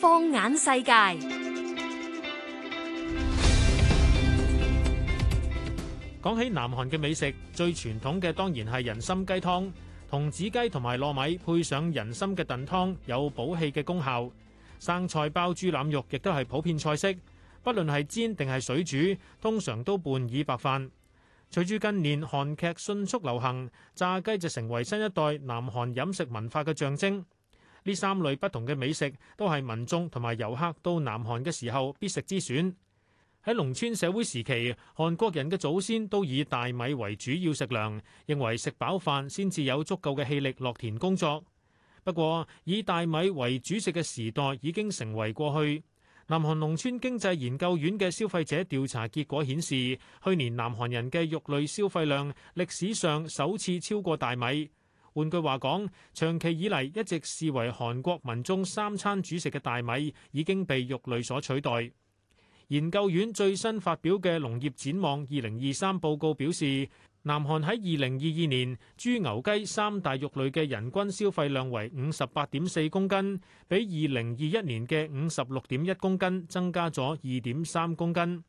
放眼世界，講起南韓嘅美食，最傳統嘅當然係人參雞湯，童子雞同埋糯米配上人參嘅燉湯，有補氣嘅功效。生菜包豬腩肉亦都係普遍菜式，不論係煎定係水煮，通常都伴以白飯。隨住近年韓劇迅速流行，炸雞就成為新一代南韓飲食文化嘅象徵。呢三類不同嘅美食都係民眾同埋遊客到南韓嘅時候必食之選。喺農村社會時期，韓國人嘅祖先都以大米為主要食糧，認為食飽飯先至有足夠嘅氣力落田工作。不過，以大米為主食嘅時代已經成為過去。南韓農村經濟研究院嘅消費者調查結果顯示，去年南韓人嘅肉類消費量歷史上首次超過大米。換句話講，長期以嚟一直視為韓國民眾三餐主食嘅大米，已經被肉類所取代。研究院最新發表嘅《農業展望二零二三》報告表示，南韓喺二零二二年豬牛雞三大肉類嘅人均消費量為五十八點四公斤，比二零二一年嘅五十六點一公斤增加咗二點三公斤。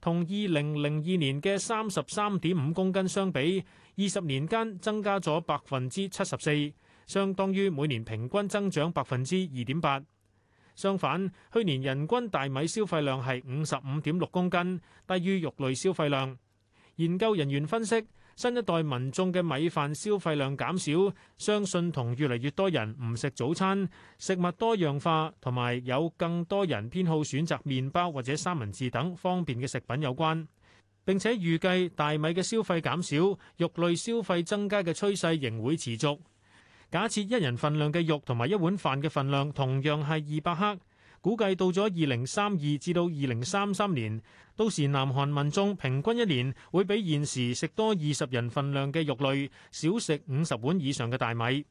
同二零零二年嘅三十三點五公斤相比，二十年間增加咗百分之七十四，相當於每年平均增長百分之二點八。相反，去年人均大米消費量係五十五點六公斤，低於肉類消費量。研究人員分析，新一代民眾嘅米飯消費量減少，相信同越嚟越多人唔食早餐、食物多樣化同埋有更多人偏好選擇麵包或者三文治等方便嘅食品有關。並且預計大米嘅消費減少、肉類消費增加嘅趨勢仍會持續。假設一人份量嘅肉同埋一碗飯嘅份量同樣係二百克。估計到咗二零三二至到二零三三年，到時南韓民眾平均一年會比現時食多二十人份量嘅肉類，少食五十碗以上嘅大米。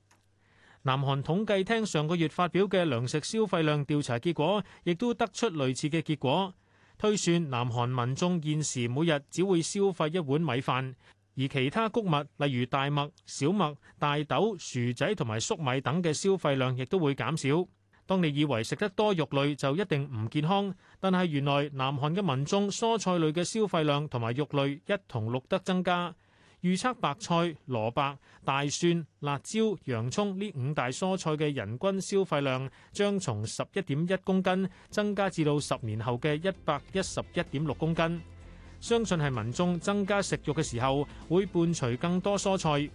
南韓統計廳上個月發表嘅糧食消費量調查結果，亦都得出類似嘅結果，推算南韓民眾現時每日只會消費一碗米飯，而其他穀物，例如大麥、小麥、大豆、薯仔同埋粟米等嘅消費量亦都會減少。當你以為食得多肉類就一定唔健康，但係原來南韓嘅民眾蔬菜類嘅消費量同埋肉類一同錄得增加。預測白菜、蘿蔔、大蒜、辣椒、洋葱呢五大蔬菜嘅人均消費量將從十一點一公斤增加至到十年後嘅一百一十一點六公斤。相信係民眾增加食肉嘅時候，會伴隨更多蔬菜。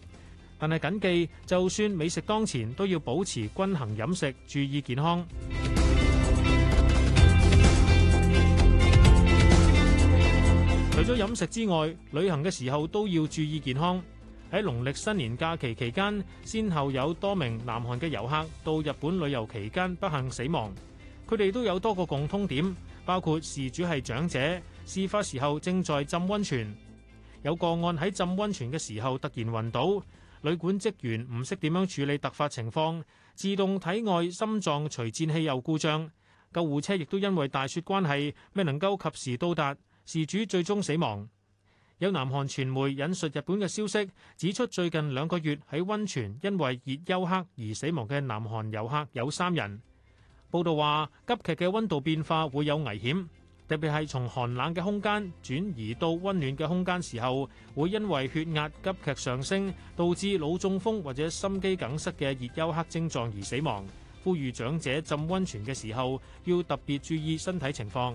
但係謹記，就算美食當前，都要保持均衡飲食，注意健康。除咗飲食之外，旅行嘅時候都要注意健康。喺農曆新年假期期間，先後有多名南韓嘅遊客到日本旅遊期間不幸死亡。佢哋都有多個共通點，包括事主係長者，事發時候正在浸溫泉。有個案喺浸溫泉嘅時候突然暈倒。旅館職員唔識點樣處理突發情況，自動體外心臟除顫器又故障，救護車亦都因為大雪關係未能夠及時到達，事主最終死亡。有南韓傳媒引述日本嘅消息指出，最近兩個月喺温泉因為熱休克而死亡嘅南韓遊客有三人。報道話，急劇嘅温度變化會有危險。特別係從寒冷嘅空間轉移到温暖嘅空間時候，會因為血壓急劇上升，導致腦中風或者心肌梗塞嘅熱休克症狀而死亡。呼籲長者浸温泉嘅時候，要特別注意身體情況。